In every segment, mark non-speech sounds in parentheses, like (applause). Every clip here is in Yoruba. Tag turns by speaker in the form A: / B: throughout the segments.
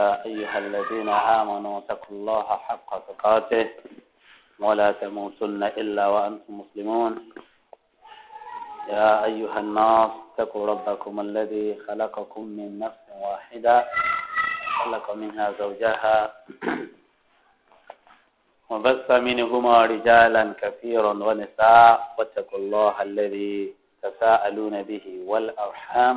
A: يا أيها الذين آمنوا اتقوا الله حق تقاته ولا تموتن إلا وأنتم مسلمون يا أيها الناس اتقوا ربكم الذي خلقكم من نفس واحدة خلق منها زوجها (clears throat) وبث منهما رجالا كثيرا ونساء واتقوا الله الذي تساءلون به والأرحام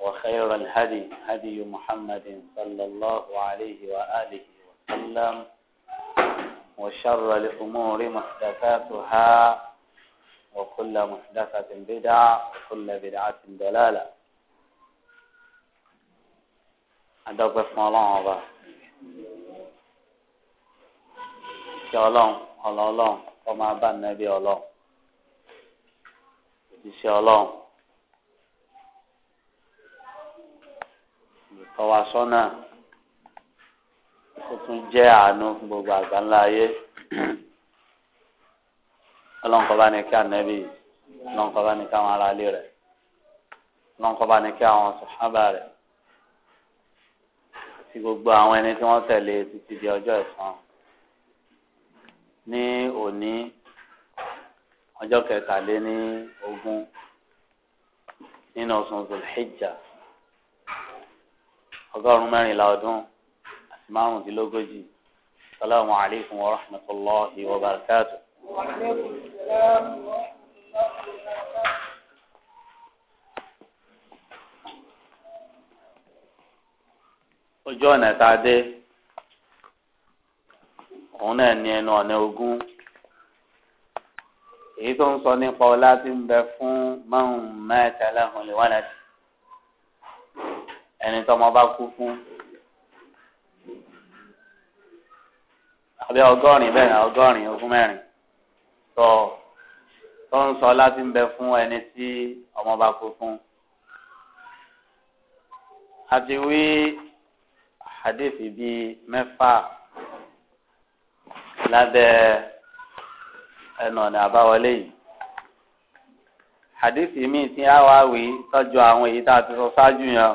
A: وخير الهدي هدي محمد صلى الله عليه وآله وسلم وشر الأمور محدثاتها وكل محدثة بدعة وكل بدعة دلالة أدب اسم الله الله الله ọmọ abá nàbí إن شاء الله tọwasọ́nà ó tún jẹ́ àánú fún gbogbo àgbáńlá ayé ọlọ́nkọ́ba ni kí ànẹ́bí ọlọ́nkọ́ba ni kí àwọn aráalé rẹ̀ ọlọ́nkọ́ba ni kí àwọn sọ̀hábà rẹ̀ àti gbogbo àwọn ẹni tí wọ́n tẹ̀lé títí di ọjọ́ ẹ̀san ní òní ọjọ́ kẹtàléní ogún nínú oṣù Zulhijja ọgọ́rùn-ún mẹ́rìnlá ọdún àti márùndínlógójì salamu alaykum wa rahmatulahi wa barakatu. ojú ọ̀nà tá a dé òun náà ní ẹnu ọ̀nà ogún èyí tó ń sọ nípa ọlá tí ń bẹ fún man mata lahu walad ẹni tọ́mọ bá kú fún àbí ọgọ́rin bẹ́ẹ̀ ọgọ́rin ogún mẹ́rin tọ́ tó ń sọ láti ń bẹ fún ẹni tí ọmọ bá kú fún. àti wí àdéfì bíi mẹ́fà lábẹ́ ẹnu ọ̀nà àbáwọlé yìí àdéfì míì tí a wá wí tọ́jú àwọn èyí tá a ti sọ ṣáájú yẹn.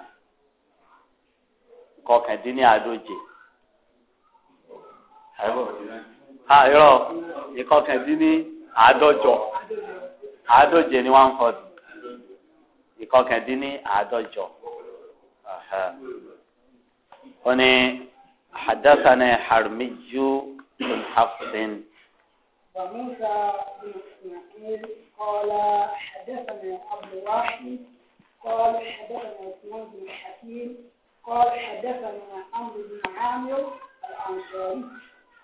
A: kọkàndínní àádóje ayọ ìkọkàndínní àádọ́jọ àádóje ni one forty ìkọkàndínní àádọ́jọ ó ní حدثنا حرمي بن حفص
B: وموسى بن اسماعيل قال حدثنا عبد الواحد قال حدثنا عثمان بن
A: قال حدثنا عمرو
B: بن عامر الأنصاري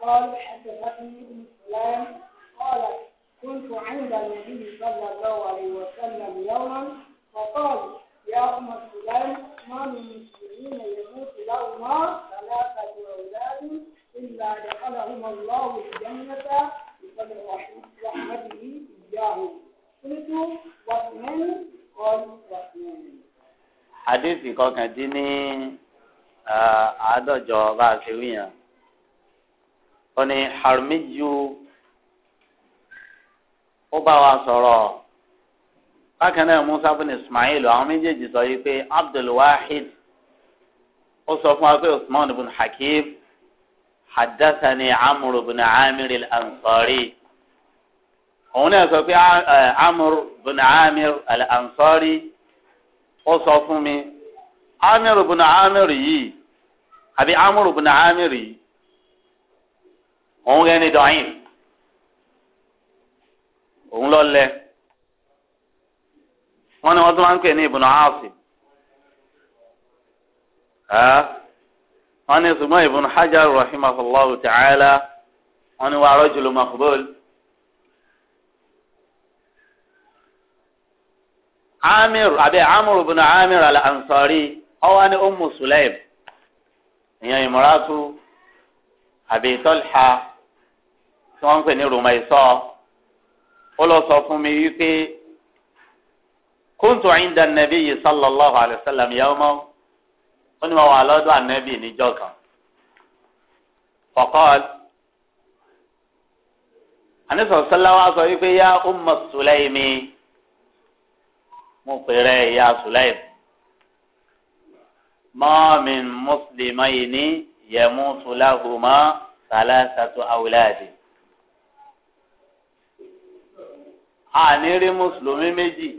B: قال حدثتني أم سلام قالت كنت عند النبي صلى الله عليه وسلم يوما فقال يا أم سلام ما من مسلمين يموت لهما ثلاثة أولاد إلا دخلهم الله الجنة بفضل رحمته إياه قلت واثنين قال واثنين
A: àdéhùn kọkàndín ní àádọ́jọ bá a ṣe wí yẹn ó ní harmiju ó bá wa sọ̀rọ̀ bákan náà musa bin ismail àwọn méjèèjì sọ yìí pé abdulwahid ó sọ fún wa pé usman bin hakim hadassani amuru bin amir al-ansari òun náà sọ pé amuru bin amir al-ansari ó sọ fún mi amir bùnà amir yìí àbí amir bùnà amir yìí òun yẹn ni dọ̀yìn òun lọ lẹ wọn ni wọn tún máa ń pè ní ìbùnà áàsì wọn ni ṣùgbọ́n ìbùnà hajar rahimahullahu ta'ala wọn ni wàá rọ́jùlù maqbul. amir abẹ amur bin amir al-ansari ọwọ ni umu sulaim ìyẹn ìmúratú àbí tọ́lá tí wọ́n ń pè ní rumaisọ́ ó lọ sọ fún mi wípé kuntu inda nabiyyi sallallahu alayhi wa sallam yawma ó ní wọn wà lọ́dọ̀ ànábì kan faqal anisọ̀ sọ́lá sọ wípé yá umu sulaimi mo pèrè ìyá sùlẹ́m mọ́ọ̀mìn mùsùlùmá yìí ní yẹ̀mú sùláhùmọ́ sàlẹ́sàtú àwùláàdì. àní rí mùsùlùmí méjì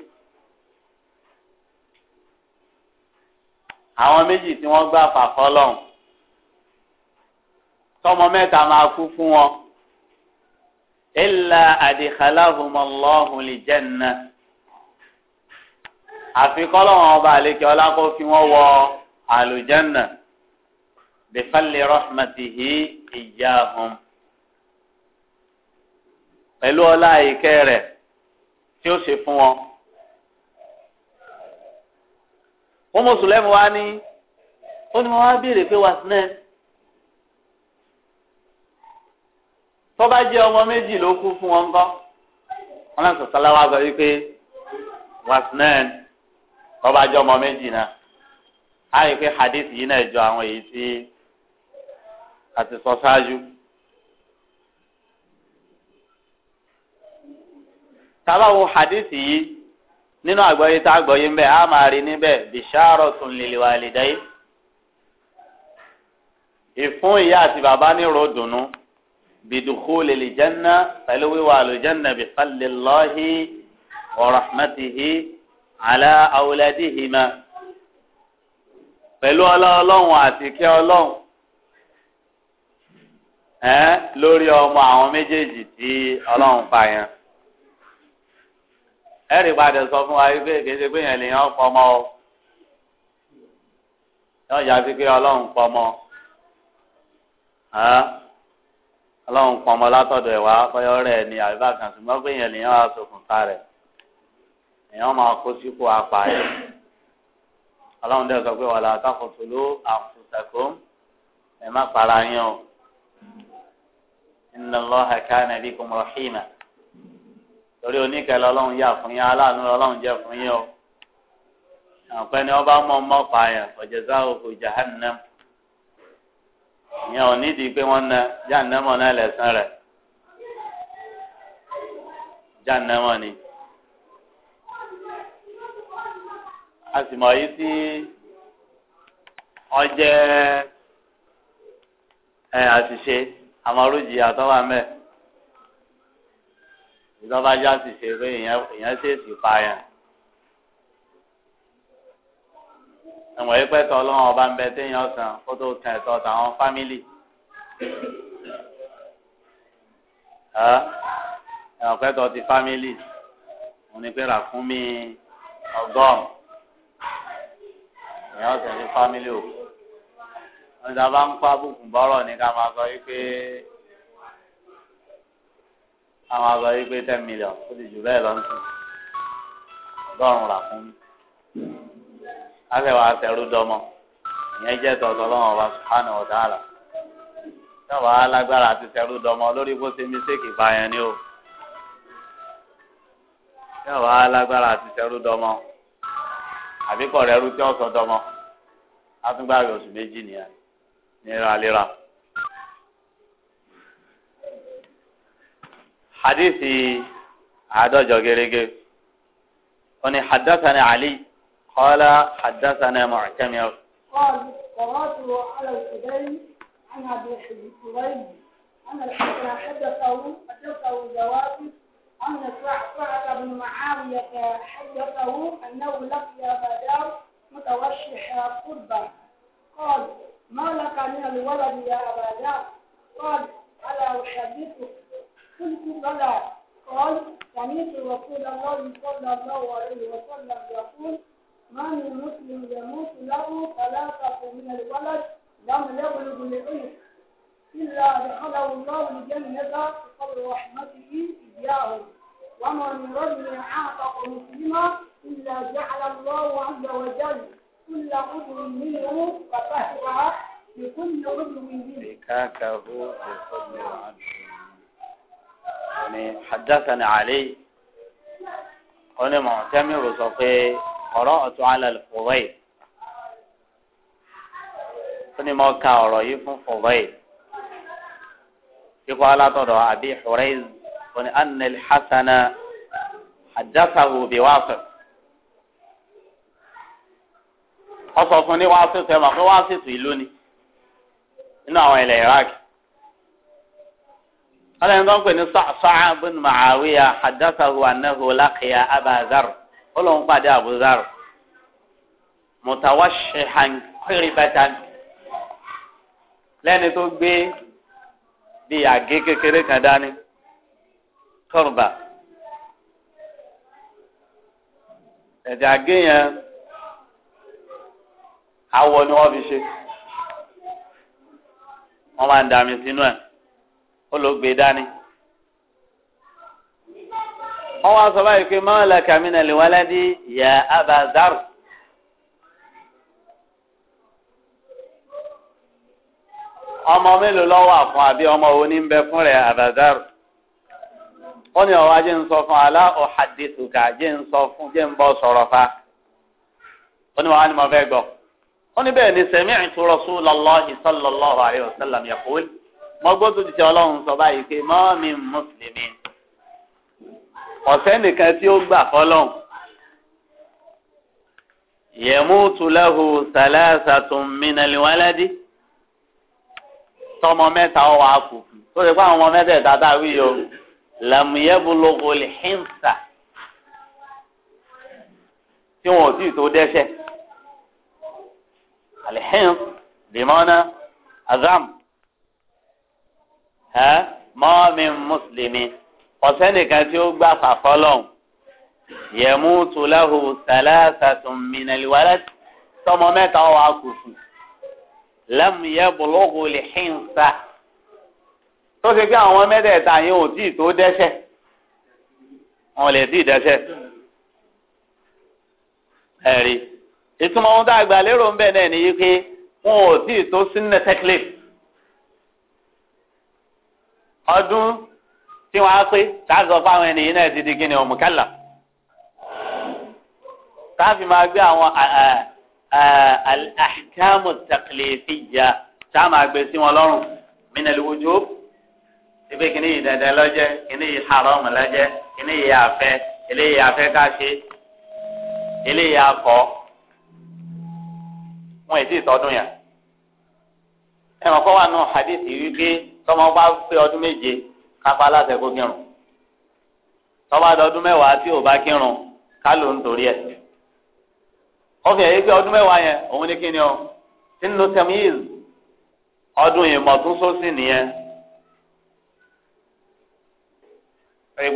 A: àwọn méjì tí wọ́n gbà fàfọ́ lọ́hùn tọmọ mẹ́ta máa kú fún wọn. ilà àdìkálàhùmọ́ lè jẹ́ nà àfi kọ́lọ́wọ́n ọba àlekè ọlá kó fi wọ́n wọ àlùjẹ́nà bifalli rahmatihi iyahum pẹ̀lú ọlá ìkẹ́ rẹ̀ tí ó ṣe fún wọn. wọ́n mùsùlùmí wa ní ó ní wọ́n wá béèrè pé wàsílẹ̀ tọ́ba jẹ́ ọmọ méjì ló kú fún wọn kọ́ wọn náà sọ̀tàlá wa sọ wípé wàsílẹ̀ tọ́ba jọ ọmọ méjì náà á rí i pé hadith yìí náà jọ àwọn èyí tí a ti sọ ṣáájú. tábàwò hadith yìí nínú àgbọ́yé tá àgbọ́yé ń bẹ̀ á máa rí níbẹ̀ bisharatun lil walidayn ìfún ìyá àti bàbá ní ròdùnú bidukhuli lil janna pẹ̀lú wíwà àlùjẹ́nà bi fadlillahi wa rahmatihi àlá àwòlẹ́dì ìmọ̀ pẹ̀lú ọlá ọlọ́run àti ìkẹ́ ọlọ́run ẹ̀ lórí ọmọ àwọn méjèèjì tí ọlọ́run pa yẹn. ẹ̀rì padà sọ fún wa wípé kéde pé yẹn lèèyàn pọmọ o yóò yá sí pé ọlọ́run pọmọ ọlọ́run pọmọ látọ̀dọ̀ ẹ̀ wá kọ́yọ́ rẹ̀ ni àbí bá kan ṣùgbọ́n pé yẹn lèèyàn wá ṣokùnfà rẹ̀ èèyàn máa kó sípò apààyàn ọlọ́run dẹ́ sọ pé wàlá àtàkùtù ló àfùsàkó ẹ má para yín o inna Allaha kana bikum rahima torí oníkẹ́lẹ́ ọlọ́run yà fún yín aláàánú ọlọ́run jẹ́ fún yín o àpẹ ni ọba mọ ọmọ pààyàn ọjọsá òkú jahannam ìyẹn ò nídìí pé wọn na jahannam náà lẹsán rẹ jahannam ni. a sì mọ̀ yìí tí ọjẹ́ ẹ àṣìṣe àmọ́rújì àtọ́wà mẹ́ ìjọba já ṣìṣe pé èèyàn ṣèèṣì pààyàn. ẹ̀wọ̀n yìí pẹ́tọ́ ọlọ́run ọba ń bẹ téèyàn sàn kó tó kan ẹ̀tọ́ tàwọn fámìlì ẹ̀wọ̀n pẹ́tọ́ ti fámìlì òun ni pé ràkúnmí ọgọ́rùn
B: ẹ̀yàn ọ̀sẹ̀ ní fámílì
A: o wọ́n ti bá ń pa bùkún bọ́rọ̀ ní ká máa sọ wípé ká máa sọ wípé ten million ó ti jù bẹ́ẹ̀ lọ́nà ọgọ́rùn-ún là fún mi àtẹ̀wà àtẹ̀rù dọ́mọ ìyẹn jẹ́ tọ̀tọ̀ lọ́wọ́ wa sùpánù ọ̀dáàlà tọ́wọ́ alágbára àti tẹ̀rù dọ́mọ lórí bó ṣe mí sékì báyẹn ni o tọ́wọ́ alágbára àti tẹ̀rù dọ́mọ àbíkọ̀ rẹ̀ rú tí wọ́n sọ dọ́mọ atúgbàwé oṣù méjì nìyẹn níralíra. hadithi àádọ́jọ gẹ́gẹ́ wọ́n ní hadathana ali qala hadathana mu'tamir.
B: قال قرأت على الحدين عن أبي حبيب أن الحسن حدثه حدثه جوابه أن سعد بن معاوية حدثه أنه لقي شيخها قربا قال ما لك من الولد يا أبا جعفر قال ألا أحدثك قلت بلى قال سمعت رسول الله صلى الله عليه وسلم يقول ما من مسلم يموت له ثلاثة من الولد لم يبلغ العلم إلا دخله الله الجنة بفضل رحمته إياه وما من رجل عاتق مسلما إلا جعل الله عز وجل كل عضو منه فطهر لكل عضو منه
A: فكاكه لكل عضو يعني حدثنا علي قال معتمر صفي قراءة على الفضيل قال ما كان رأيه فضيل يقول على طرع أبي حريز قال أن الحسن حدثه بواسط ọsọ fún ní wàá sísè mà pé wàá sísè ìlú ni nínú àwọn ilẹ̀ iraq wọn lẹ́yìn tó ń pè ní sàá bin ma'awiya hadasahu anahu laqiya abazar ó pàdé abuzar mutawashihan kiribatan lẹ́ni tó gbé bíi àgé kékeré kan dání tọ́rùbà ẹ̀dẹ̀ àgé yẹn. awọ ni wọ́n fi ṣe wọ́n máa ń dàmí sínú ẹ̀ ó ló gbé dání. wọ́n wá sọ báyìí pé lè wálé dí yà abazar. ọmọ mélòó lọ́wọ́ àbí ọmọ òní ń bẹ fún abazar ó ní ń sọ fún alá ń sọ fún ń bọ́ sọ̀rọ̀ fa ó ní ó ní bẹ́ẹ̀ ni sami'tu rasulallahi sallallahu alayhi wa sallam yaqul mo gbọ́ tó ti ṣe ọlọ́run sọ báyìí pé ma min muslimin ọ̀sẹ́ nìkan tí ó gbà fọlọ́hún yamutu lahu salasatun minal waladi tọmọ mẹ́ta ọwọ́ àkùkù tó ṣe pé àwọn ọmọ mẹ́tẹ̀ẹ̀ta dàbí yòó lam yablughu al-hinsa tí wọn ò tí الحنص بمعنى أغم ها ما من مسلم وسنك تيوغبا ففلون يموت له ثلاثة من الولد ثم مات وعكف لم يبلغ الحنصة tó ṣe pé àwọn mẹ́tẹ̀ẹ̀ta yẹn ò tí ì tó dẹ́ṣẹ̀ wọn lè tí ì dẹ́ṣẹ̀ ìtumọ̀ ohun tá a gbà lérò ń bẹ̀ náà ni wípé wọn ò tí ì tó sínú tẹ́kílẹ̀ ọdún tí wọ́n á pé táàgì ọ̀pá àwọn ènìyàn náà ti di gíní ọ̀mùkálà táàfì máa gbé àwọn àkàmù tẹ̀kílẹ̀fìyà tá a máa gbé sí wọn lọ́rùn mínàlì ibi kìíní yìí dandan lọ́jẹ́ kìíní yìí haram lọ́jẹ́ kìíní yìí àfẹ́ eléyìí àfẹ́ ká ṣe eléyìí akọ́. wọn èsì ìtọ́dún yẹn. ẹ mọ̀ kọ́ wà nù hadithi wípé tọmọ bá pé ọdún méje kápá aláṣẹ kó kírun tọ́ba dọdún mẹ́wàá tí ò bá kírun ká ló ń torí ẹ̀. ọ̀fẹ́ yìí pé ọdún mẹ́wàá yẹn òun kíni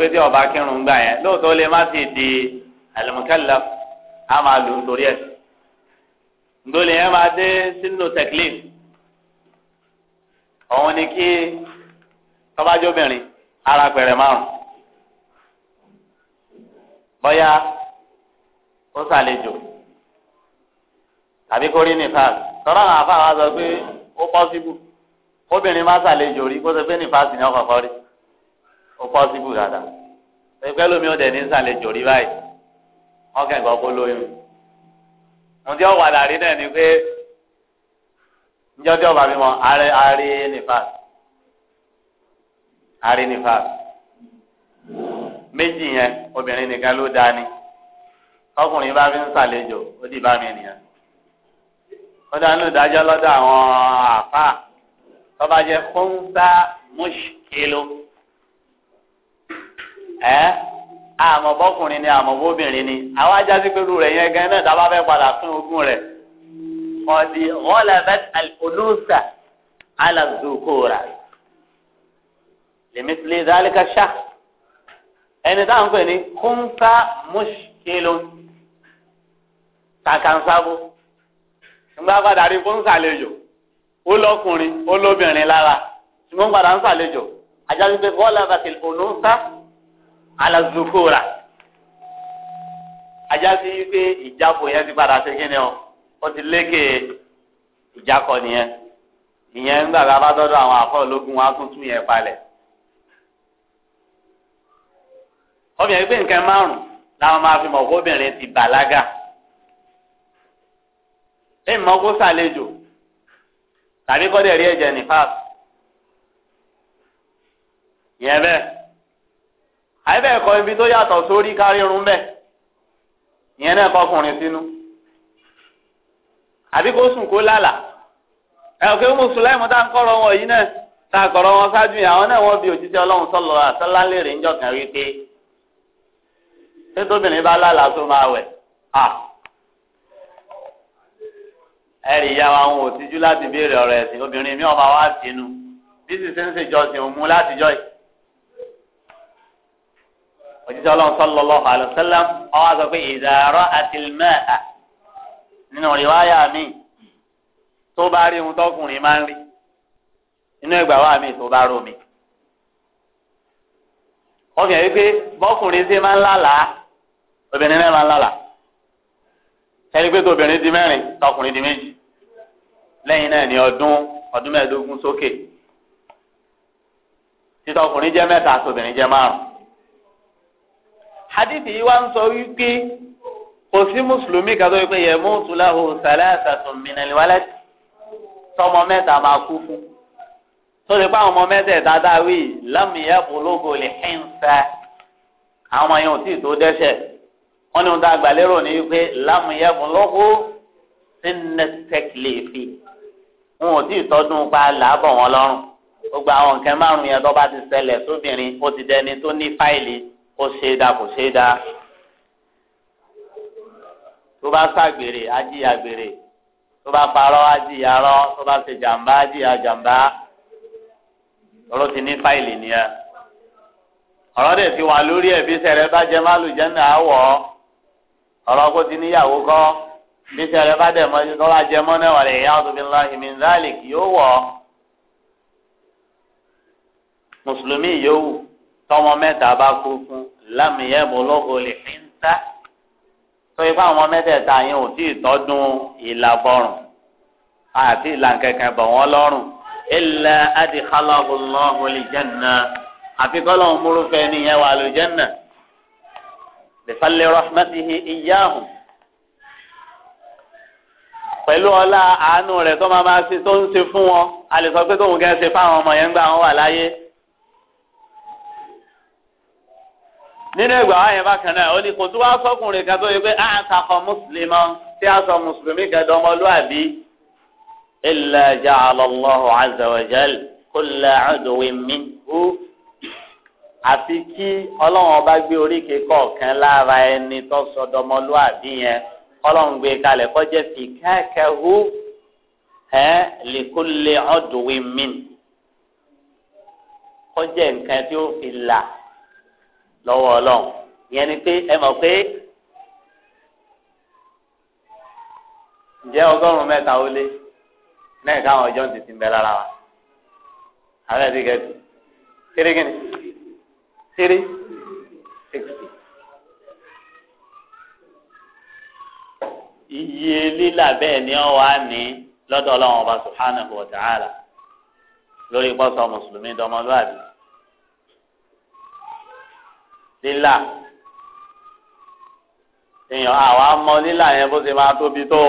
A: o tí ọba kírun gbà yẹn lóòótọ́ lè má ti di àlùmọ́kẹ́lẹ́ máa lò ń ndolè yẹn máa dé sínú tẹkílìm òun ni kí tọ́bájóbìnrin ara pẹ̀rẹ̀ márùn bọ́yá ó ṣàlejò tàbí kó rí nìfàs tọ́lá àwọn afá wa sọ pé ó pọ́síbù obìnrin má ṣàlejò rí kó sọ pé nìfàs ni ọkọ̀ọ̀kọ̀ rí ó pọ́síbù dáadáa pẹ̀lú mi ò dẹ̀ ní ṣàlejò rí báyìí wọ́n kẹ́kọ̀ọ́ kó lóyún. ohun tí ọwọ́ àdàrí náà ni pé njọ́jọ́ bàbí mọ́ méjì yẹn obìnrin nìkan ló dá ni ọkùnrin bá fi ń sàlejò ó dì bá mi nìyẹn ó dánú ìdájọ́ lọ́dọ̀ àwọn àfáà tọ́ba jẹ́ kóńtà ẹ́. àmọ̀bọ́kùnrin ni àmọ̀bọ́bìnrin ni àwọn ajásí pẹ̀lú rẹ̀ yẹn gan náà dábàá fẹ́ padà fún ogún rẹ̀ ọ̀dì ọ̀làbẹ́t àlùfọ́lùsà alàzùkúrà lèmísìlè dálíkàṣá ẹni táwọn pè ní kúńtà mùsùlùm kàkànsábù ńgbà padà rí fún sàlejò ó lọkùnrin ó lóbìnrin lára ṣùgbọ́n padà ń sàlejò ajásí pé ọ̀làbẹ́t àlùfọ́lùsà. ala ajá sí wípé ìjápọ̀ yẹn ti padà sí kíni o ó ti lékè ìjákọ̀ nìyẹn ìyẹn ń gbàgbá bá àwọn afọ́ọ̀lógún tún tún yẹn palẹ̀. obìnrin pé nǹkan márùn-ún làwọn máa fi mọ̀ kó obìnrin ti bàlágà ẹ̀ mọ́ kó sàlejò tàbí àyẹ̀bẹ̀ ẹ̀kọ́ ibi tó yàtọ̀ sórí kárí irun bẹ́ẹ̀ ìyẹn náà kọkùnrin sínú àbí kó sùn kó lálà ẹ̀kọ́ mùsùlùmí tá à ń kọ́rọ̀ wọn yìí náà tá a kọ̀rọ̀ wọn ṣáájú yìí àwọn náà wọ́n bí òjíṣẹ́ ọlọ́run sọ̀lọ́ àṣálá lérè ńjọ kan rí pé ṣé tóbìnrin bá lálà tó máa wẹ̀ à ẹ̀rì ìyá wa wọn láti béèrè ọ̀rọ̀ ẹ̀sìn obìnrin mi ò máa wá sínú bí sì ṣe ń òjíṣẹ́ ọlọ́run sallallahu alaihi wasallam ọwọ́ àgbà pé ìdàrọ́ àti mẹ́à nínú ìwáyà mi tó bá rí ohun tọkùnrin máa ń rí inú ẹgbà wà mí tó bá rò mí. wọ́n fi hàn wípé bọ́kùnrin ṣe máa ń lálàá obìnrin náà máa ń lálàá ẹni pé tóbìnrin di mẹ́rin tọkùnrin di méjì lẹ́yìn náà ní ọdún ọdún mẹ́ẹ̀ẹ́dógún sókè títọkùnrin jẹ́ mẹ́ta tóbìnrin jẹ́ márùn-ún hadithi yìí wá ń sọ wípé kò sí mùsùlùmí kan tó yẹ pé yẹ mọ́tò láhùn sàlẹ̀ àtàtùn mìíràn wálẹ̀ tọmọ mẹ́ta máa kú fún tó lè pa àwọn ọmọ mẹ́tẹ̀ẹ̀ta dáwì lámìyá polówó lè hìn sá àwọn yẹn ò tí ì tó dẹ́sẹ̀ wọ́n ní wọn dàgbà lérò ní wípé lámìyá polówó sínẹtẹkìlẹ̀fì wọn ò tí ì tọ́dún pa làábọ̀ wọn lọ́rùn gbogbo àwọn nǹkan márùn-ún yẹn tó bá ti ṣẹlẹ̀ sóbìnrin ó ti dẹni tó ní fáìlì ó ṣe é dá kò ṣe é dá tó bá ṣàgbèrè á jìyà gbèrè tó bá parọ́ á jìyà rọ́ tó bá ṣe á ti ní fáìlì nìyẹn ọ̀rọ̀ dẹ̀ ti wà lórí ẹ̀ bí sẹ̀rẹ̀ bá jẹ má lùjẹ́nà àwọ̀ ọ̀rọ̀ kó ti níyàwó kọ́ bí sẹ̀rẹ̀ bá dẹ̀ jẹ mọ́ náà wàlẹ̀ ìyá tọmọ mẹ́ta bá lámìyẹ bọlọgọ lè fi ń ta tó ipá àwọn mẹ́tẹ̀ẹ̀ta yẹn ò tí ì tọdún ìlàbọrùn àti ìlànkẹkẹ bọ wọn lọ́rùn ilẹ adìkálọgùnlọgùn lè jẹnà àfikọlọ múrúfẹ nìyẹn wà ló jẹnà bisalli rahmatihi iyahum pẹ̀lú ọlá àánú rẹ̀ tó máa ma ṣe tó ń ṣe fún wọn a sọ pé tóun kẹ́ ṣe fáwọn ọmọ yẹn ń gbà wọn wà láyé. nínú ìgbà wa yẹn bákan náà ó ní kò tó wá sọkùnrin kan tó yẹ pé à ń takọ mùsùlùmí tí a sọ mùsùlùmí kan dọmọlúàbí illa ja'ala Allahu azza wa jal kulla aduwin minhu àfi kí ọlọ́run ọba gbé oríkèé kọ̀ọ̀kan lára ẹni tó sọ dọmọlúàbí yẹn ọlọ́run gbé kalẹ̀ kọjá fi kakahu ẹ li kulli aduwin min kọjá nǹkan tí ó fi là lọ́wọ́ ọlọ́run ìyẹn ni pé ẹ mọ̀ pé ǹjẹ́ ọgọ́rùn-ún mẹ́ta ó lé náà káwọn ọjọ́ ti ti ń bẹ lára wa àwọn ẹ̀dí gẹ̀ẹ́sì kéré kéré kéré sixty. iye lílà bẹ́ẹ̀ ni ọ wà ní lọ́dọ̀ ọlọ́run ọba subhanahu wa ta'ala lórí pọ́sọ̀ mùsùlùmí dọmọlúwàbí lílà èèyàn àwa mọ lílà yẹn bó ṣe máa tóbi tó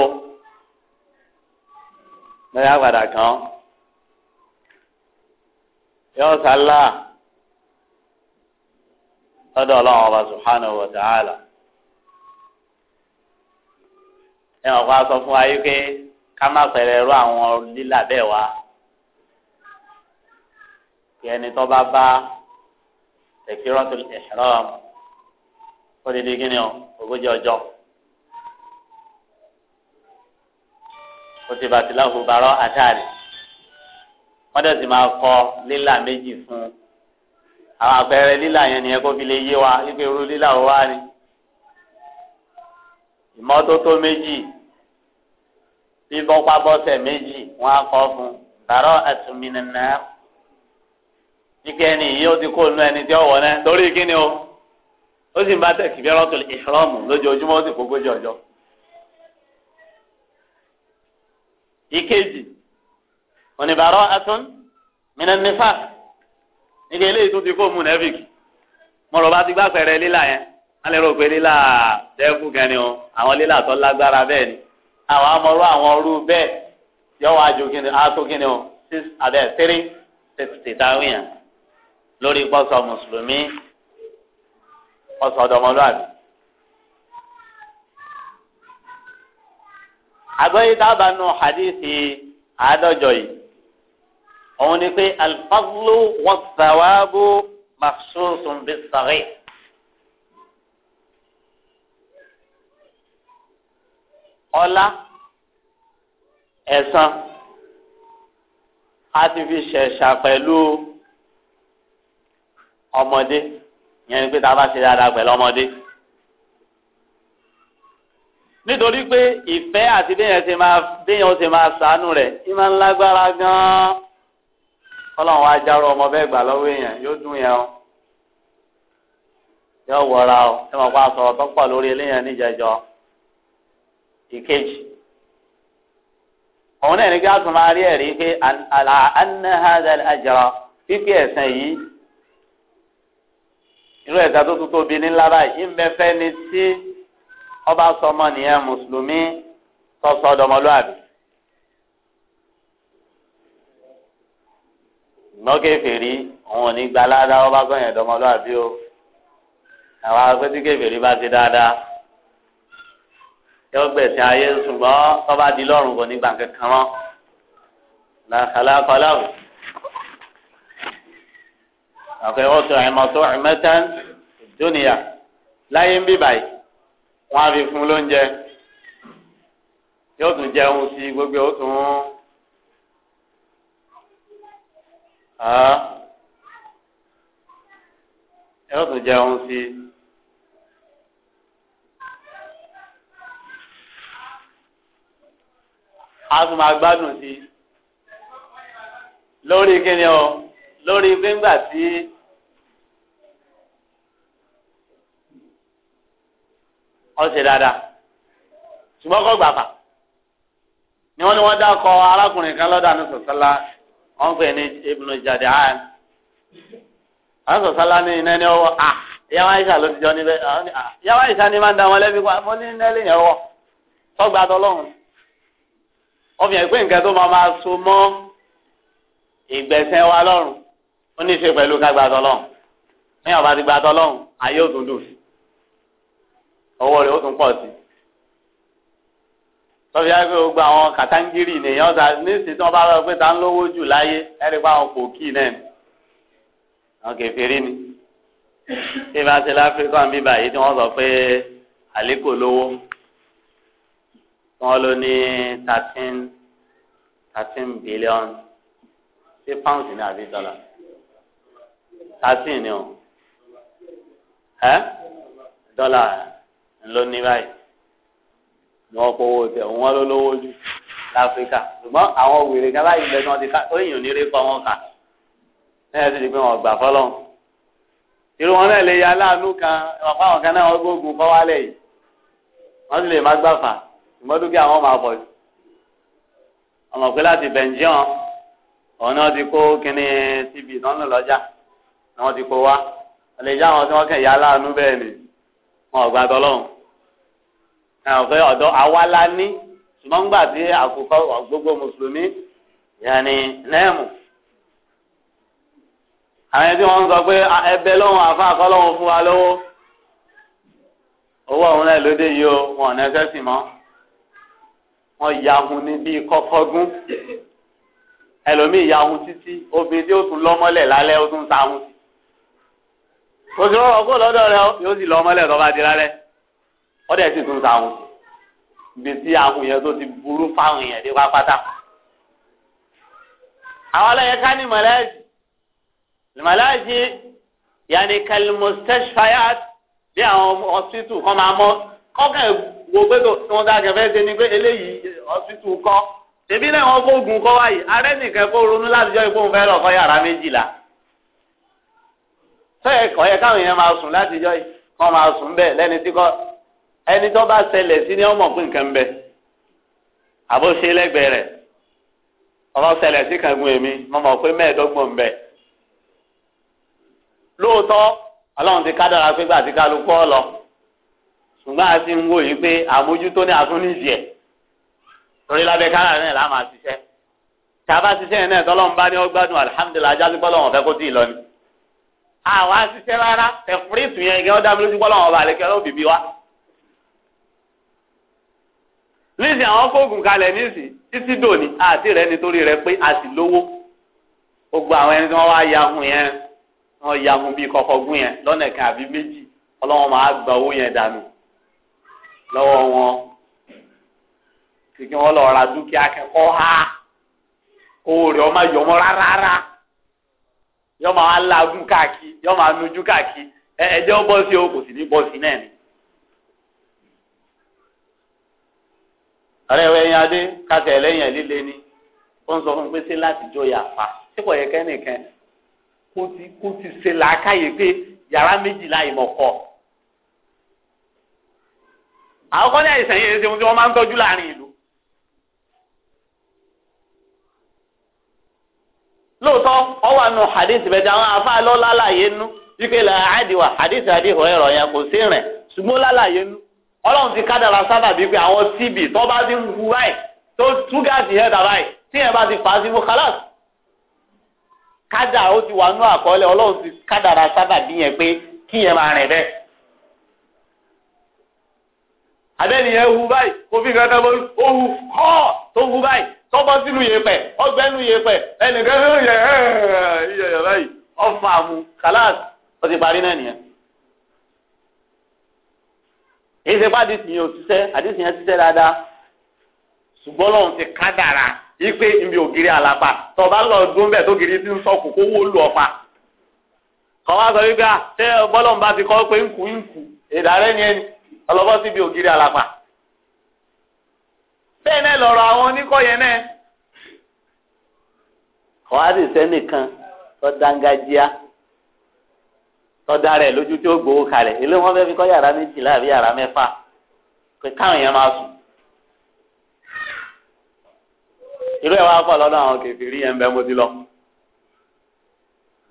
A: lórí àgbàdà kan yóò sálà lọ́dọ̀ ọlọ́run ọba subhanahu wa ta'ala ẹ wọn kọ́ aṣọ fún wa yìí pé ká má pẹ̀lẹ́ rú àwọn lílà bẹ́ẹ̀ wá kí ẹni tó bá bá takbiratul ihram ó di di gíní o ogójì ọjọ́ kòtìbà tìláhù bàrọ àtàrí wọ́n dẹ̀ sì máa kọ lílà méjì fún àwọn àpẹẹrẹ lílà yẹn nìyẹn kó fi lè yé wa wípé irú lílà ó wá ni ìmọ́tótó méjì bíbọ́pábọ́sẹ̀ méjì wọ́n á kọ́ fún bàrọ àtúmínínà ike ẹni yìí ó ti kó nu ẹni tí ó wọ náà torí kíni o ó sì ń bá tẹ̀ kìbí ọlọ́tò ìṣọ́ọ̀mù lójoojúmọ́ ó sì kó gbójú ọjọ́. ìkejì oníbàárọ̀ atún mìíràn nífà ike eléyìí tó ti kó mu nẹ́fìkì mo rọ̀ bá ti gbà pẹ̀rẹ̀ lílà yẹn a lè rò pé lílà dẹ́kun kan ni o àwọn lílà tó lágbára bẹ́ẹ̀ ni àwọn amọ̀rọ̀ àwọn ọrú bẹ́ẹ̀ yọ wá kíni o six abẹ́ three sixty táwọn lórí pọ́sọ mùsùlùmí pọ́sọ ọ̀dọ́mọlúwàbí. àgbẹ̀yìí dábàá nù hadithi àádọ́jọ yìí òun ni pé alifadlu wasawabu maksusun bisari. ọlá ẹ̀san a ti fi ṣẹ̀ṣà pẹ̀lú. ọmọdé yẹn ni pé tá a bá ṣe dáadáa pẹ̀lú ọmọdé. nítorí pé ìfẹ́ àti béèyàn ṣe máa béèyàn ṣe máa sàánú rẹ̀ ẹ máa ń ọmọ bẹ́ẹ̀ gbà lọ́wọ́ èèyàn yóò dùn yẹn o yóò wọra o lórí eléyàn níjẹjọ ìkejì òun náà ní kí a tún máa rí ẹ̀rí pé àlà irú ẹ̀ka tó tó tóbi nílá báyìí ńbẹ́fẹ́ ni tí ọba sọmọ nìyẹn mùsùlùmí sọsọ ọdọmọlúwàbí. nọ́ọ̀kẹ́ fèrí òun ò ní gba aládá ọba sọyìn ọdọmọlúwàbí o àwọn akẹ́tìkẹ́ fèrí bá ti dáadáa yọ gbẹ̀sẹ̀ ayé ṣùgbọ́n tọ́ba di lọ́rùn kò ní gbàǹkẹ́ kan mọ́ làkàlà kọlọ́ọ̀bù àfẹwọ́sọ ẹ̀mọ́tò ẹ̀mẹ́tàn dúnìyà láyé ń bí báyìí wọ́n á fi fún lóúnjẹ yóò tún jẹun sí gbogbo ó tún yóò ah. tún jẹun sí. a tún máa gbádùn sí lórí kíni o lórí pé ńgbà tí. ọ̀sẹ̀ dáadáa ṣùgbọ́n kọ́ gbàfà ni wọ́n ní wọ́n dákọ̀ arákùnrin kan lọ́dọ̀ àánú wọ́n pè ní ibùnú jáde àán àánú ní iná ní ọwọ́ yàwá ló ti jọ níbẹ̀ yàwá ni máa ń da ní iná so mọ́ ìgbẹ̀sẹ̀ wa lọ́rùn ó ní í ṣe pẹ̀lú ká gbà ní ti owó rẹ̀ ó tún pọ̀ sí i á pé gbogbo àwọn kàtàngírì nìyẹn ọ̀sà nísìsiyìí tí wọ́n bá lọ pé ta ń lówó jù láyé ẹ̀rí pa àwọn pòkì náà ni àwọn kẹfìrí ni ṣé ìbá ṣe láfíríkà ń bí báyìí tí wọ́n sọ pé àlékò lówó wọ́n ló ní thirteen thirteen billion ṣé pounds ní àbí dọ́là thirteen ni o ẹ́ dọ́là ẹ̀ ńlọni báyìí ni wọ́n kó owó tẹ òun wọn ló lówó jù láfíríkà ṣùgbọ́n àwọn wèrè kan báyìí bẹ tí wọ́n ti ká oyin òní rí kọ wọn kà náà ti di pé wọ́n gbà fọlọ́n
B: irú wọn náà lè ya
A: aláàánú kan wọn fáwọn kan náà wọ́n gbógun fọwálẹ̀ yìí wọ́n sì lè má gbàfà ṣùgbọ́n dúkìá wọn máa pọ̀ jù ọmọ pé láti bẹ̀ǹjọ́n òun náà ti kó kínní síbi ìdánù lọ́jà ni wọ́n ti kó wá àlejò àwọn tí wọ́n kàn ya aláàánú bẹ́ẹ̀ ni wọn ò gbàdọ́ ẹ̀hún pé ọ̀dọ́ àwa la ní ṣùgbọ́n gbà tí àkùkọ gbogbo mùsùlùmí yàní nẹ́ẹ̀mù. àwọn ẹbí wọn sọ pé ẹbẹ lọ́wọ́ àfa àkọ́lọ́wọ́ fún wa lọ́wọ́ owó ọ̀hún náà lóde yìí o wọn ò nẹ́sẹ̀ sì mọ́ wọn yahun ní bíi kọ́kọ́gún ẹlòmíì yahun títí obìnrin tí ó tún lọ́mọ́lẹ̀ lálẹ́ ó tún sahun sí. òṣèré ọkọ̀ rẹ yóò sì lọ́mọ́lẹ̀ tó bá di lálẹ́ ọdẹ sì tún sáwọn gbèsè àwọn yẹn tó ti buru fáwọn yẹn dé pápátá àwọn ọlọyẹ ká ní mọlẹ́ẹ̀sì mọlẹ́ẹ̀sì yàní kalimostashfayat bí àwọn ọsítù kan máa mọ kọ́kẹ́ wo pé kí wọ́n dákẹ́ fẹ́ ṣe ni pé eléyìí ọsítù kọ́ ṣèbí náà wọn fóògùn kọ́ wáyé arẹ́ nìkan kó ronú látijọ́ ìfóhùn fẹ́ lọ́kọ́ yàrá méjìlá sọ́yẹ̀ kọ́ yẹ káwọn yẹn máa sùn látijọ́ yìí wọ́n máa sùn bẹ́ẹ̀ lẹ́ni tí kọ́ ẹni tó bá ṣẹlẹ̀ sí ni ọmọ pín nǹkan bẹ àbó ṣe lẹ́gbẹ̀ẹ́ rẹ̀ ọmọ ṣẹlẹ̀ sí kangun èmi mo mọ̀ pé mẹ́ẹ̀ẹ́dọ́gbọ̀n bẹ lóòótọ́ ọlọ́run ti kádàrá pé gbàtí kálukú ọ̀lọ́ ṣùgbọ́n a ti ń wò yìí pé àmójútó ní àtúnìjì ẹ̀ torí lábẹ́ kára náà là máa ṣiṣẹ́ tá a bá ṣiṣẹ́ yẹn náà tọ́lọ́run bá ní ọgbádùn alihamudulilayi ajá sí bọ́lọ́run fẹ́ kó tì í lọ ni àwa ṣiṣẹ́ rárá tẹ̀fúrìtù yẹn gẹ́gẹ́ ó dá mi lójú bọ́lọ́run ọba àlekẹ́ ló bìbí wa nísìnyí àwọn kóògùn kalẹ̀ nísìnyí títí dòní àti rẹ nítorí rẹ pé a sì lówó gbogbo àwọn ẹni tí wọ́n wá yahun yẹn wọ́n yahun bíi kọ̀kọ́gún yẹn lọ́nà kan àbí méjì ọlọ́wọ́n máa gba owó yẹn dànù lọ́wọ́ wọn kìkì wọn lọ ra dúkìá kẹ́kọ̀ọ́ ha owó rẹ̀ ọmọ yọmọ rárá yọmọ alágún káàkiri yọmọ anujú káàkiri ẹ ẹ jẹ́ sí o kò sì ní bọ́ sí náà ni. ọ̀rẹ́ ìwé yẹn adé kásẹ̀ ẹlẹ́yìn líle ni ó ń sọ fún pé ṣé láti jó ya ṣé kò yẹ kẹ́nìkan kó ti kó ti ṣe làákàyè pé yàrá méjìlá ìmọ̀kọ. àwọn kan ní àìsàn yẹn ṣe ohun tí wọ́n máa ń tọ́jú láàrin ìlú. lóòótọ́ hadith àwọn lálàyé nú wípé hadith ẹ̀rọ yẹn ọlọ́run ti kádàrà sábà bíi pé àwọn tb tó bá ti ń hu báyìí tó tú gáàsì hẹ́ẹ̀dà báyìí tí yẹn bá ti fà á sí fún kálàs kádà ó ti wà nú àkọọ́lẹ̀ ọlọ́run ti kádàrà sábà bíi yẹn pé kí yẹn máa rìn bẹ́ẹ̀. àbẹ́ni yẹn hu báyìí òfin kankan mọ́ ó hu họ́ tó hu báyìí tọ́gbọ́n sínú yẹ̀pẹ̀ ọgbẹ́nu yẹ̀pẹ̀ ẹnìkan yẹ̀ ẹ̀ yẹ̀ báyìí ọ̀fà mu kálàs ó ti parí náà nìyẹn. èyí ṣe pàdé sì yẹn òṣìṣẹ́ àdéṣì yẹn ṣiṣẹ́ ti ká ipe ibi ògiri alapa tọba lọ dún bẹ́ẹ̀ tó giri ti ń sọkù kó wó sọ wípé ṣé bọ́lọ̀ bá ti kọ́ pé ń kú ń kú ìdárẹ́ ni ẹni ọlọ́bọ́ alapa. ògiri bẹ́ẹ̀ náà lọ̀rọ̀ àwọn oníkọ́ yẹn náà kọ́ tọ́da rẹ̀ lójú tí ó gbowó kalẹ̀ ilé wọn fẹ́ fi kọ́ yàrá méjìlá àbí yàrá mẹ́fà pé káwọn yẹn máa sùn. irú ẹ̀ wá pọ̀ lọ́dọ̀ àwọn kẹfìrí yẹn bẹ́ẹ̀ mo ti lọ.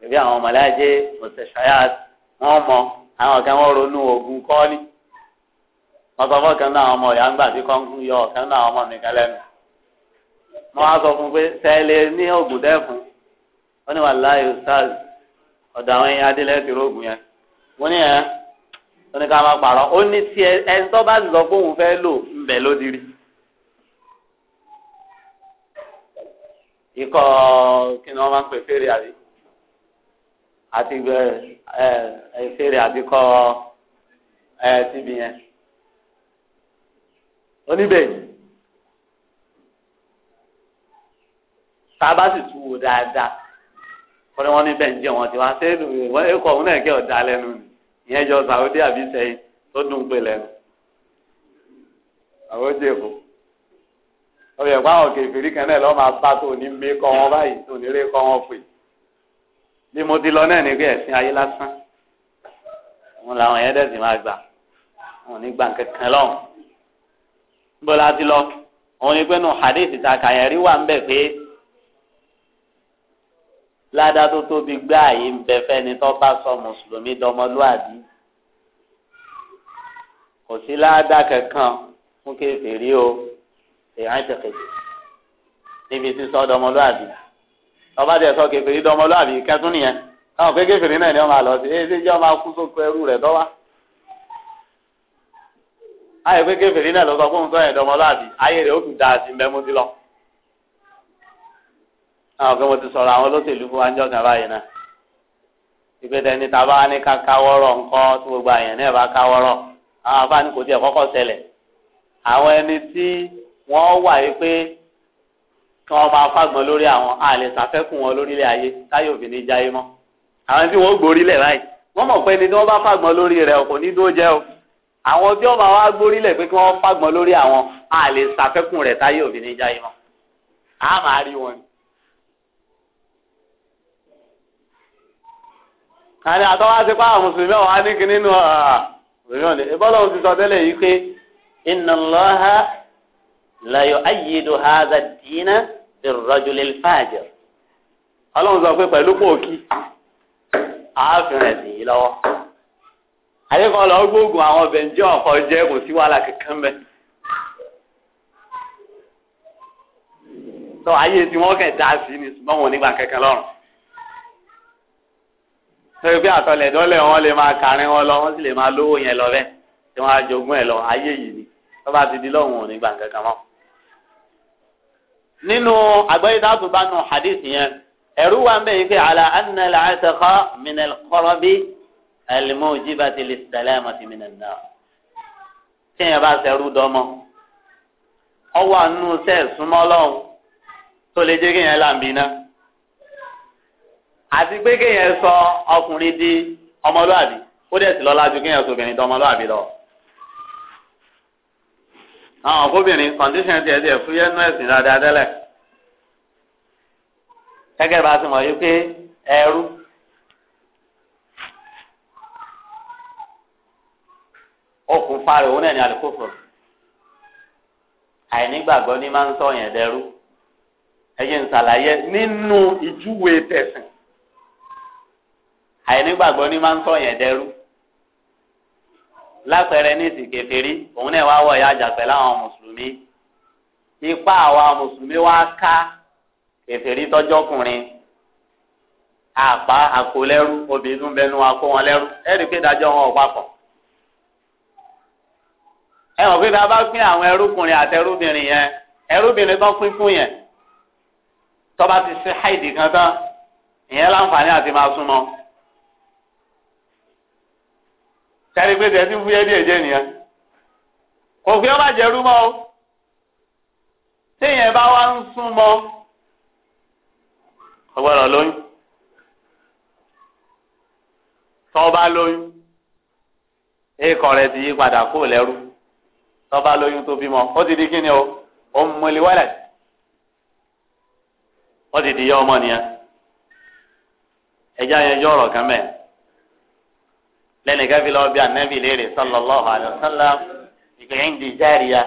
A: ìbí àwọn mọ̀láyàjẹ́ mọ̀sẹ̀ṣáyàt wọ́n mọ àwọn kan wọ́n ronú oògùn kọ́ọ́lì. wọ́n sọ fún kan náà àwọn ọmọ ìyá ń gbà tí kọ́ńkú yọ ọ̀kan náà àwọn ọmọ mi kan lẹ́nu. wọ́n á sọ fún pé sẹ́ẹ̀lẹ̀ ní oògùn dẹ́kun ó ní wàhálà yóò sáàzì ọ̀dọ̀ àwọn ẹ̀yìn adélẹ̀ ti rógùn yẹn mo ní ẹ̀ ó ní ká máa pààrọ̀ ó ní tí ẹni tó bá zọ pé òun fẹ́ lò ń bẹ̀ lódìrí. ikọ̀ kí ni wọ́n máa ń pè fèrè àbí àti ẹ fèrè àti kọ́ ẹ síbi yẹn oníbẹ̀ tá a bá sì tún wò dáadáa kọ́ni wọ́n ní bẹ́ẹ̀ ń jẹ́ wọn ti wá sẹ́ẹ̀lù wọ́n ẹ̀kọ́ òun náà kẹ́ ọ̀dà lẹ́nu ni ìyẹn jọ sàwọ́dí àbí sẹ́yìn tó dùn pé lẹ́nu sàwọ́dí èkó ọ̀yẹ̀ fún àwọn kèfèrí kan náà lọ́ọ́ máa bá tó ní mé kọ́ wọn báyìí tó ní lé kọ́ wọn pè bí mo ti lọ náà ní pé ẹ̀sìn ayé lásán òun làwọn yẹn dẹ̀ sì máa gbà òun ní gbà kankan lọ́hùn níbo la ti lọ òun ni pé ládàá tó tóbi gbá àyè ń bẹ fẹ́ni tó bá sọ mùsùlùmí dọmọlúàbí kò sí ládàá kankan fún kèfèrí o èèyàn ti kèfèrí níbi sísọ dọmọlúàbí ọba tẹ sọ kèfèrí dọmọlúàbí kẹtún nìyẹn káwọn pé kèfèrí náà ni wọn máa lọ sí ẹ ṣe jẹ́ ọmọ akú sóko ẹrú rẹ̀ dọ́wà ayọ̀ pé kèfèrí náà lọ sọ fún un sọ yẹn dọmọlúàbí ayé rẹ̀ ó tún dáa sí mbẹ́mú sí lọ àwọn kan mo ti sọ̀rọ̀ àwọn olóṣèlú fún wa ń jọ̀gàn báyìí náà ìgbésẹ̀ ní taba ní ká káwọ́rọ̀ ńkọ́ tí gbogbo àyàn náà bá káwọ́rọ̀ àwọn afáàní kò tiẹ̀ kọ́kọ́ ṣẹlẹ̀ àwọn ẹni tí wọ́n wà yìí pé kí wọ́n máa fàgbọ́n lórí àwọn àlè sàfẹ́kùn wọn lórílẹ̀ ayé táyé òfin ní jáyé mọ́ àwọn tí wọ́n gborílẹ̀ báyìí wọ́n mọ̀ pé ẹni tí wọ́n bá fàgbọ́n lórí rẹ̀ kò ní dó jẹ́ o àwọn tí wọ́n máa wá gborílẹ̀ pé kí wọ́n fàgbọ́n lórí àwọn àlè sàfẹ́kùn rẹ̀ táyé òfin ní jáyé mọ́ àmàárí wọn ni. àní àtọ́wá ti pa àwọn mùsùlùmí ọ̀hún ninu ní kíní nù ọ̀hún ti sọ tẹ́lẹ̀ yìí pé inna Allaha la yu'ayyidu hadha ad-dina bir-rajuli al sọ pé pẹ̀lú pòkì lọ gbóògùn àwọn bẹ̀ǹjẹ́ ọ̀kọ́ jẹ́ kò sí wàhálà kankan ayé tí dá sí ni wọn nígbà kankan ṣe bí àtọlẹ̀dọ́lẹ̀ wọn lè máa kàrin wọn lọ wọn sì lè máa lówó yẹn lọ bẹ́ẹ̀ tí wọ́n á jogún ẹ̀ lọ ayé yìí ni wọ́n bá ti di lọ́hùn òní gbàǹkan kan mọ́. nínú àgbáyé dáàbò bá nu hadith yẹn ẹ̀rú wa ń bẹ̀ yìí pé àlà ànà làásìkò mìnàl kọ́rọ́bí ẹ̀lìmọ́ òjìbá ti lè sẹ̀lẹ̀ àmọ́tì mìnàl náà. tí yẹn bá sẹ́rú dọ́mọ́ ọwọ́ àánú sẹ́ẹ̀ súnmọ́ lọ́hùn tó lè jẹ́ kéèyàn láǹbì náà. àti pé kéèyàn sọ ọkùnrin di ọmọlúàbí ó dẹ̀ sì lọ́lá ju kéèyàn sọ obìnrin di ọmọlúàbí lọ. àwọn kóbìnrin kọ̀ǹdíṣàn tiẹ̀ tiẹ̀ fún yẹn nú ẹ̀sìn dáadáa tẹ́lẹ̀ gẹ́gẹ́ bá a ti mọ̀ yí pé ẹrú. ni àlùkòfò àìnígbàgbọ́ ni máa ń sọ yẹn dẹrú ń àìnígbàgbọ́ ni máa ń sọ yẹn dẹrú lápẹẹrẹ ní ìsìn kẹfìrí òun náà wá wọ ìyá àjà pẹ̀lú àwọn mùsùlùmí ipá àwa mùsùlùmí wá ká kẹfìrí tọjọkùnrin àpá àkólẹ́rú obìnrin tún bẹnu akó wọn lẹ́rú ẹ̀rí pé dájọ́ wọn ò papọ̀ ẹ hàn pé tá a bá pín àwọn ẹrúkùnrin àti ẹrúbìnrin yẹn ẹrúbìnrin tán pín fún yẹn tọ́ba ti ṣe háìdì kan tán ìyẹn láǹfààní àti máa súnmọ́. sáré pé tẹ̀sí fúyẹ́ díẹ̀ jẹ́ nìyẹn kò fi ọba jẹ̀rú mọ́ o téèyàn bá wá ń sún mọ́ ọgbọ́dọ̀ lóyún tọ́ba lóyún èèkọ̀ rẹ̀ ti yí padà kó lẹ́rú tọ́ba lóyún tó bímọ ó ti di kí ni o ó ń mú ilé wálẹ̀ ó ti di yá ọmọ nìyẹn ẹja yẹn jọ ọ̀rọ̀ kan mẹ́rin lẹ́nu kẹfì lọ́wọ́ bí anabi léèrè sallallahu alayhi wa sallam ìgbẹ́ ń di járíya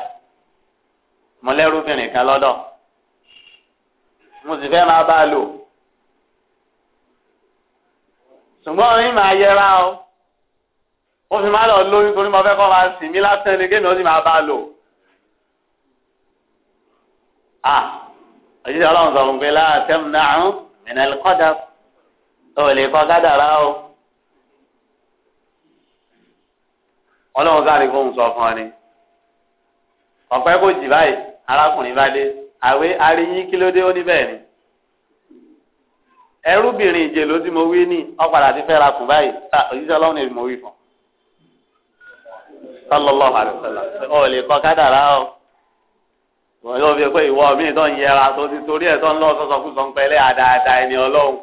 A: mọ́lẹ́rúbìnrin kan lọ́dọ̀ mo sì fẹ́ máa bá a lò ṣùgbọ́n yín máa yẹra o ó fi máa lọ lóyún torí mo fẹ́ kọ́ máa sìn mí lásán ni kéèmí ó sì máa bá a lò à òjijì ọlọ́run sọ̀rọ̀ pé láàtẹ́mù náà ń mìíràn ó lè kọ́ gádàrá o. ọlọ́run sáré kó ń sọ fún ọ ni ọ̀pẹ́ kò jì báyìí arákùnrin bá dé àwé aríyín kí ló dé ó ní bẹ́ẹ̀ ni ẹrúbìnrin ìjè ló ti mo wí ní ọ̀padà ti fẹ́ ra kù báyìí ta òjíṣẹ́ ọlọ́run èmi mo wí fún sallallahu alaihi wasallam ọ lè kọ kádàrá o wọ́n yóò fi pé ìwọ mi tó ń yẹra tó ti torí ẹ̀ tó ń lọ sọ́sọ́ kú sọ́npẹ́lẹ́ àdáadáa ẹni ọlọ́run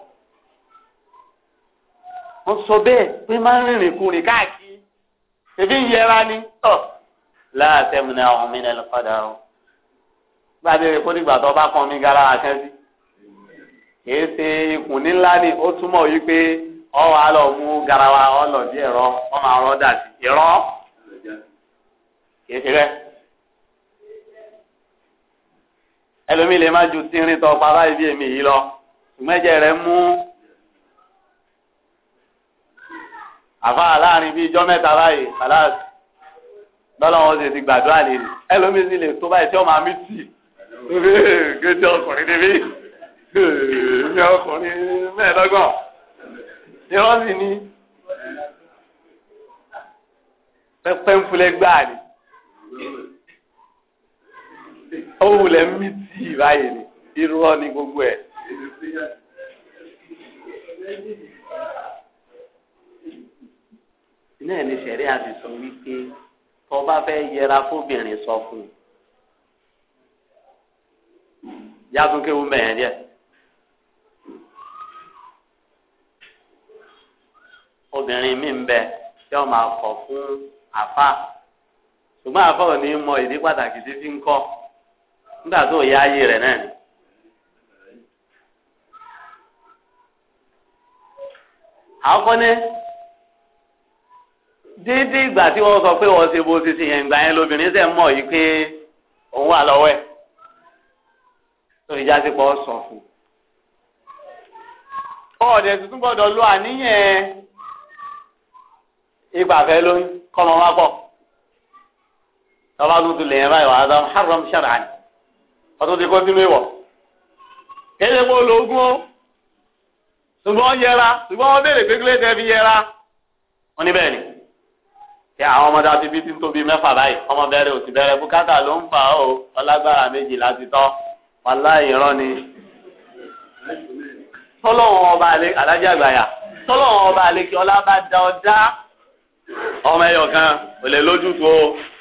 A: wọ́n sọ bẹ́ẹ̀ pé máa ń rìnrìn kúrin káàkiri ṣèbí ń yẹra ni tọ láàtẹ̀mù ni àwọn mìíràn lè padà o gbàdé rẹ̀ kó dìgbà tó bá kan mi gara àkẹ́sí kìí ṣe ikùn nílá ni ó túmọ̀ yí pé ọ wà lọ mú garawa ọ lọ bí ẹ̀rọ ọ máa rọ́ dà sí ẹ̀rọ kìí ṣe rẹ̀ ẹlòmíì lè má ju tínrín tọ́ pa báyìí bí èmi yìí lọ ṣùgbọ́n ẹ̀jẹ̀ mú. àfa láàrin bíi ijọ́ mẹ́ta báyìí kàláàsì lọ́la wọn sì ti gbàdúrà lè rí ẹlòmíín sì lè tó báyìí tí ó máa mí tì gédé ọkùnrin níbí ní ọkùnrin mẹ́ẹ̀ẹ́dọ́gbọ̀n ni wọ́n sì ní pẹ́ńpẹ́ńpulẹ̀ gbáà ni ó wulẹ̀ mí tì báyìí ni irú ọ ni gbogbo ẹ̀. iná a sẹ̀rí so wípé tọ́ba fẹ́ yẹra fóbìnrin sọ fún un mẹ́rin díẹ̀. obìnrin mi ń bẹ tí wọ́n máa fún afa. ṣùgbọ́n àfa ò ní mọ ìdí pàtàkì tí fi ń kọ́ nígbà tó yá ayé dídí ìgbà tí wọ́n sọ pé wọ́n ṣe bó ṣe ṣe yẹn ìgbà yẹn lóbìnrin ṣe mọ̀ yìí pé òun wà lọ́wọ́ ẹ̀ tó ìjà ti pọ̀ sọ fún un. ọ̀ọ́dẹ tuntun gbọ́dọ̀ lo àníyàn ìgbàfẹ́ lóyún kọ́mọ wá pọ̀ tọ́ba tuntun lè yẹn báyìí wàá dáhùn haram ṣàràn ọtún ti kó sínú ìwọ̀ kéde mo lo ogún o ṣùgbọ́n yẹra ṣùgbọ́n wọ́n béèrè pé kílẹ̀ tẹ́ fi yẹra wọ́n ní bẹ́ẹ̀ ni kí àwọn ọmọdé àti bíi ti ń tóbi mẹ́fà báyìí ọmọ bẹ̀rẹ̀ òsì bẹ̀rẹ̀ bùkátà ló ń fà ó ọlágbára méjì láti tọ́ wàláì irọ́ ni. tọ́lọ́wọ́n ọba alẹ́ alájà àgbàyà tọ́lọ́wọ́n ọba alẹ́ kí ọlá bá da ọ dá ọmọ ẹyọ kan ò lè lójútùú
B: o.